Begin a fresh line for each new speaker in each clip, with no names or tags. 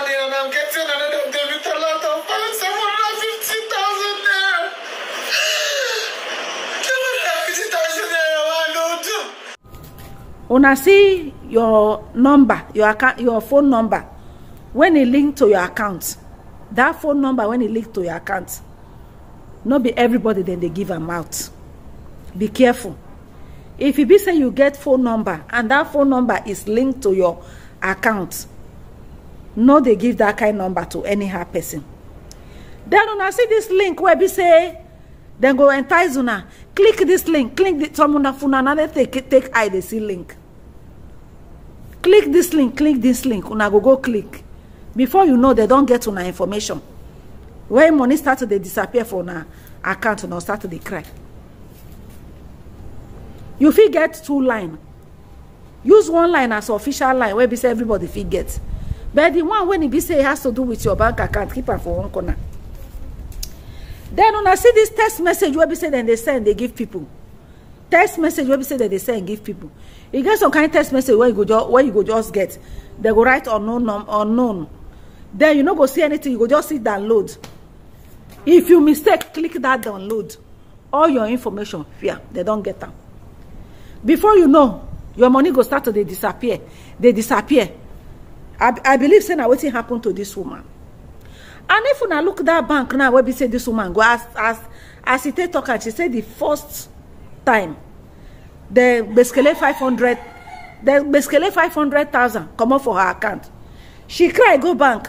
money and I'm getting another day a lot of pounds, 750,000 naira. 750,000 naira, I don't
do. Una see your number, your account, your phone number, when it linked to your account, that phone number when it linked to your account, not be everybody then they give them out. Be careful. If you be say you get phone number and that phone number is linked to your account, no dey give that kind number to anyhow person den una see this link wey be say dem go entice una click this link click the some una una dey take take eye dey see link click this link click this link una go go click before you know dem don get una information when money start to dey disappear for una account una start to dey cry you fit get two line use one line as official line wey be say everybody fit get but the one when e be say e has to do with your bank account keep am for one corner then una see this text message wey be say dem dey send dey give people text message wey be say dem dey send give people e get some kind text message wey you go just wey you go just get dem go write unknown unknown then you no go see anything you go just see download if you mistake click that download all your information yeah dem don get am before you know your money go start to dey disappear dey disappear i i believe say na wetin to this woman and if you look that bank now wey be say this woman go as as as it take talk and she said the first time the basically 500 the basically 500000 comot for her account she cry go bank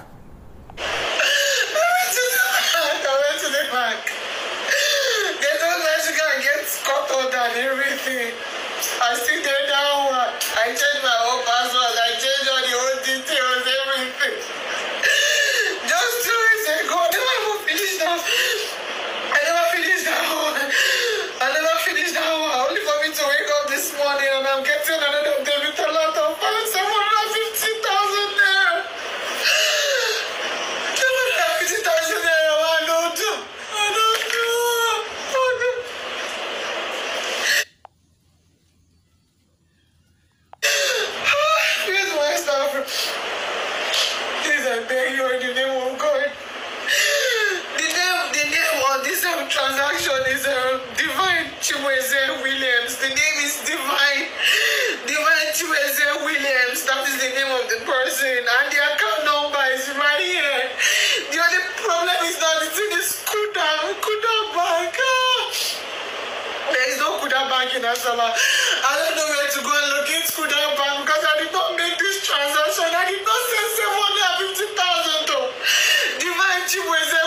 Chiweze Williams. The name is Divine. Divine Chiweze Williams. That is the name of the person. And the account number is right here. The only problem is that it's in the Kuda, Kuda Bank. Ah! There is no Kuda Bank in Asaba. I don't know where to go and look in Kuda Bank because I did not make this transaction. I did not send 750,000 to Divine Chiweze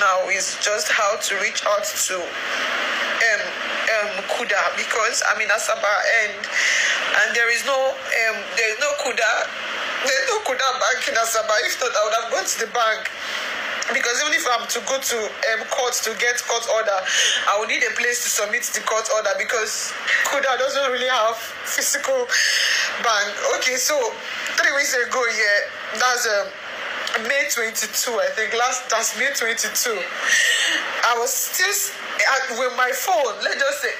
now is just how to reach out to um, um, Kuda because I'm in Asaba and and there is no um, there is no Kuda there's no Kuda bank in Asaba. If not, I would have gone to the bank because even if I'm to go to um, court to get court order, I will need a place to submit the court order because Kuda doesn't really have physical bank. Okay, so three weeks ago, yeah, that's um, May 22, I think last that's May 22. I was still with my phone. Let's just say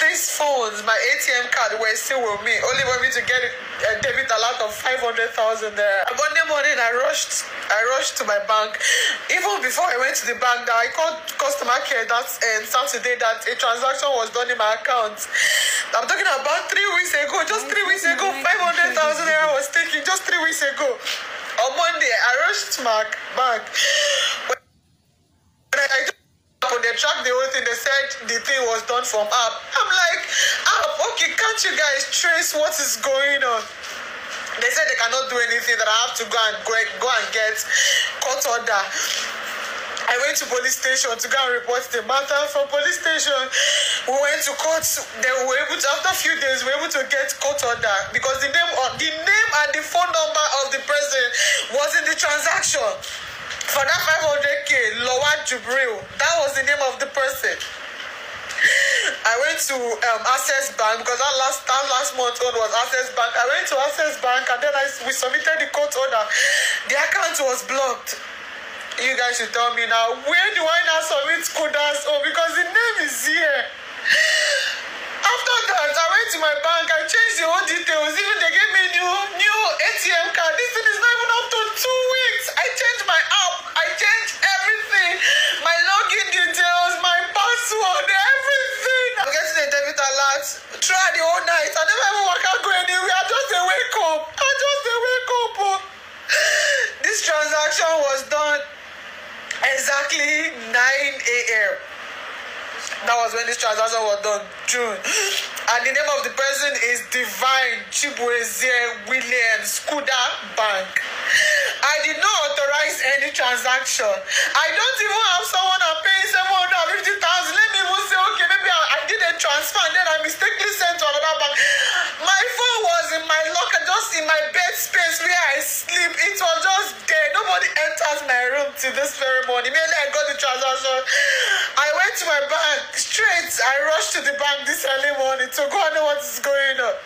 these phones, my ATM card were still with me. Only for me to get a debit alert of 500,000 there. Monday morning, I rushed. I rushed to my bank. Even before I went to the bank, I called customer care that uh, Saturday that a transaction was done in my account. I'm talking about three weeks ago, just three weeks ago. Monday, I rushed Mark back. When I when they tracked the whole thing, they said the thing was done from up. I'm like, up? okay, can't you guys trace what is going on? They said they cannot do anything, that I have to go and go, go and get court order. I went to police station to go and report the matter. From police station, we went to court. They were able to, after a few days, we were able to get court order because the name, uh, the name and the phone number of the person was in the transaction. For that 500k, Lawa Jubril, that was the name of the person. I went to um, Access Bank because that last that last month on was Access Bank. I went to Access Bank and then I we submitted the court order. The account was blocked you guys should tell me now where do I now submit Kudas? Oh, because the name is here. After that, I went to my bank, I changed the whole details. Even they gave me new new ATM card. This thing is not even up to two weeks. I changed my app, I changed everything, my login details, my password, everything. I'm getting a debit alert. Try the whole night. I never even work out go anywhere. I just a wake up. I just a wake up. Oh. this transaction was done exactly 9 a.m. That was when this transaction was done, June. And the name of the person is Divine Chibwezie Williams Kuda Bank. I did not authorize any transaction. I don't even have someone I'm paying 750,000. Let me even say, okay, maybe I, I did a transfer and then I mistakenly sent to another bank. My phone was in my locker, just in my bed space where I sleep. past my room to this very morning. Immediately I got the transaction. I went to my bank straight. I rushed to the bank this early morning to go and know what is going on.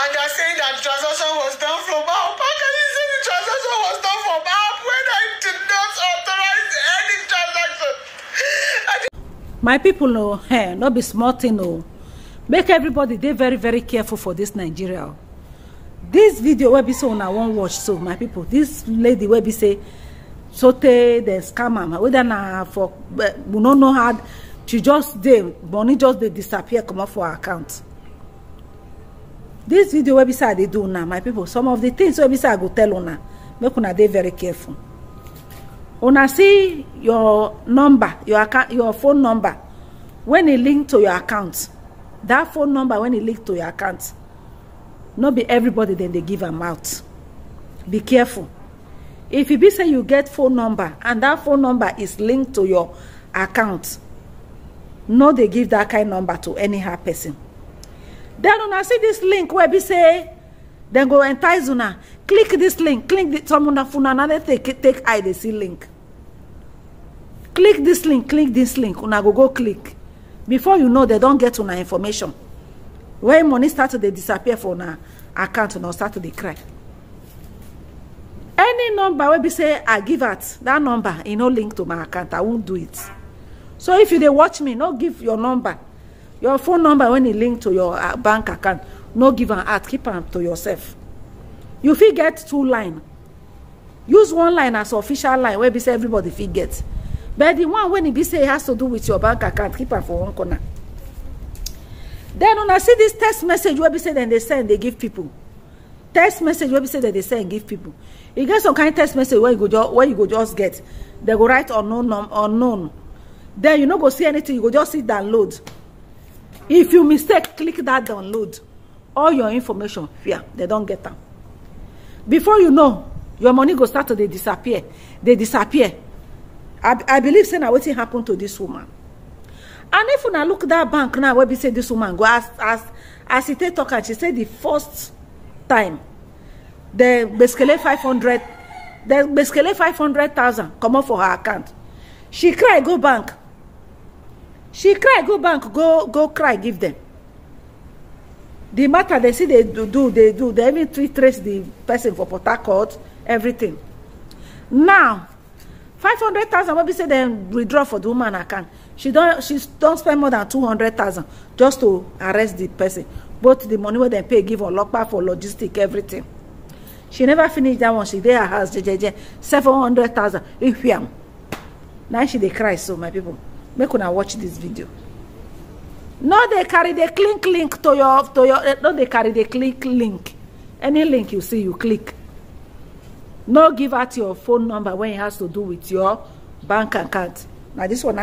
And they're saying that the transaction was done from app. How can you say the transaction was done from app when I did not authorize any transaction?
My people know, hey, eh, not be smart, you know. Make everybody they very, very careful for this Nigeria. This video wey be so una wan watch so my people. This lady wey be say sotey dem scam am whether na for eh, we no know how she just dey money just dey disappear comot for her account This video wey be say i dey do now my people. some of the things wey be say i go tell una make una dey very careful una see your number your account your phone number when e link to your account that phone number when e link to your account no be everybody Then they give am out be careful if you e be say you get phone number and that phone number is linked to your account no they give that kind number to any anyhow person Then when I see this link where be say then go entice una click this link click some una phone another take take I dey see link click this link click this link una go go click before you know they don't get una information when money start to disappear for na account na start to cry any number wey be say i give out that number in no link to my account i won't do it so if you they watch me no give your number your phone number when it link to your uh, bank account no give am out keep am to yourself you forget get two line use one line as official line where be say everybody forget. get but the one when it be say has to do with your bank account keep it for one corner then una see this text message wey be say dem dey send dey give people text message wey be say dem dey send give people. e get some kind text message wey you go just get dem go write unknown unknown then you no go see anything you go just see download if you mistake click that download all your information yeah dem don get am before you know your money go start to dey disappear disappear i i believe say na wetin happen to dis woman and if una look that bank now wey be say dis woman go as as as e take talk am she say the first time dem gbescale 500 dem gbescale 500000 comot for her account she cry go bank she cry go bank go go cry give dem The matter dem still dey do dey do dem even three trace the person for port harcourt everything now five 500000 wey be say dem withdraw for the woman account she don she don spend more than two hundred thousand just to arrest the person both the money wey dem pay give olopa for logistic everything she never finish that one she dey her house jejeje 700000 if yam na she dey cry so my people. make una watch this video no dey carry dey click link to your to your eh, no dey carry dey click link any link you see you click no give out your phone number when e has to do with your bank account na this one